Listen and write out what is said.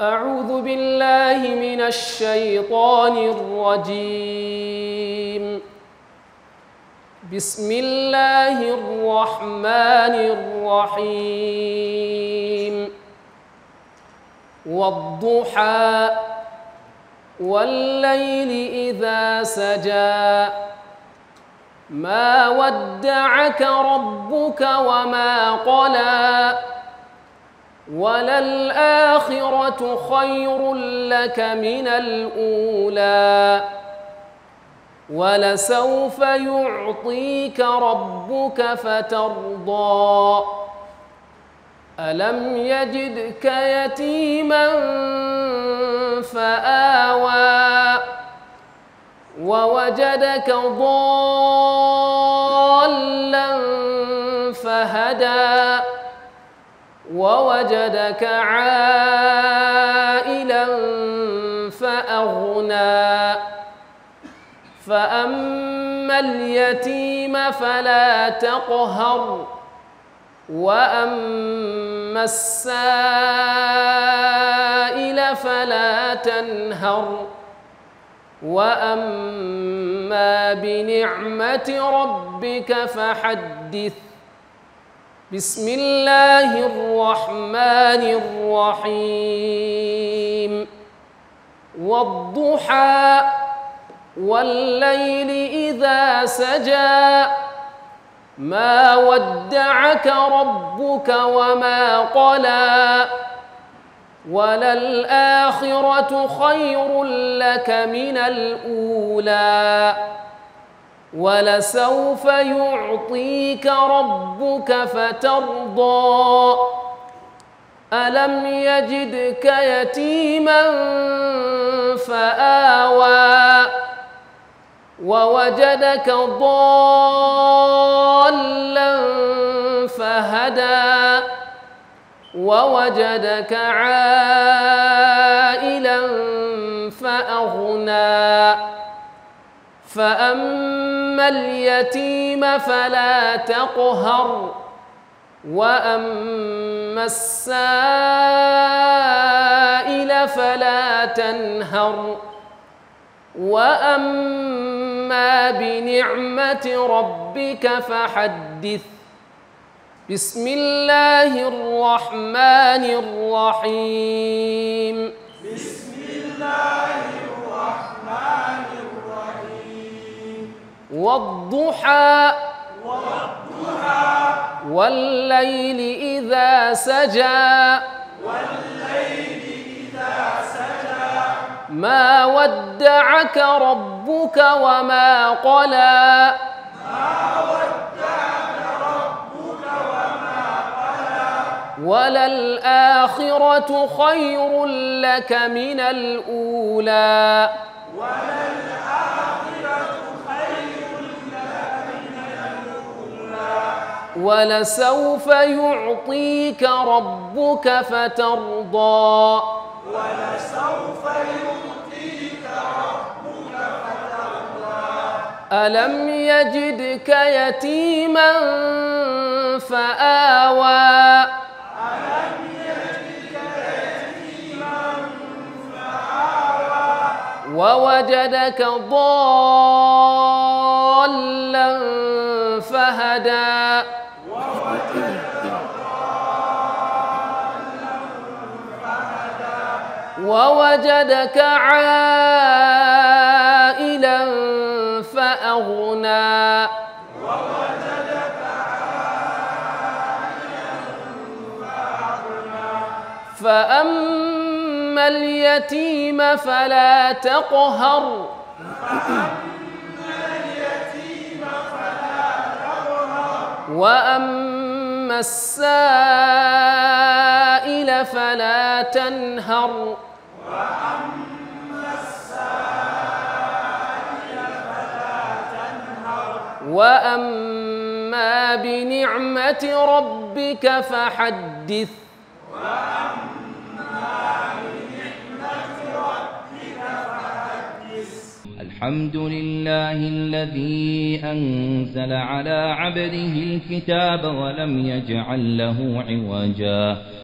أعوذ بالله من الشيطان الرجيم بسم الله الرحمن الرحيم والضحى والليل إذا سجى ما ودعك ربك وما قلى وللآخرة خير لك من الأولى ولسوف يعطيك ربك فترضى ألم يجدك يتيما فآوى ووجدك ضالا فهدى ووجدك عائلا فأغنى فأما اليتيم فلا تقهر وأما السائل فلا تنهر وأما بنعمة ربك فحدث بسم الله الرحمن الرحيم والضحى والليل إذا سجى ما ودعك ربك وما قلى وللآخرة خير لك من الأولى ولسوف يعطيك ربك فترضى ألم يجدك يتيما فآوى ووجدك ضالا فهدى ووجدك عائلا فأغنى فأما اليتيم فلا تقهر واما السائل فلا تنهر واما بنعمه ربك فحدث بسم الله الرحمن الرحيم والضحى والضحى والليل إذا سجى والليل إذا سجى ما ودعك ربك وما قلى ما ودعك ربك وما قلى وللآخرة خير لك من الأولى وللآخرة ولسوف يعطيك ربك فترضى ولسوف يعطيك ربك فترضى ألم يجدك يتيما فآوى ألم يجدك يتيما فآوى ووجدك ضار فهدى ووجدك عائلا فأغنى فأما اليتيم فلا تقهر واما السائل فلا تنهر واما السائل فلا تنهر واما بنعمه ربك فحدث وأما الحمد لله الذي أنزل على عبده الكتاب ولم يجعل له عوجا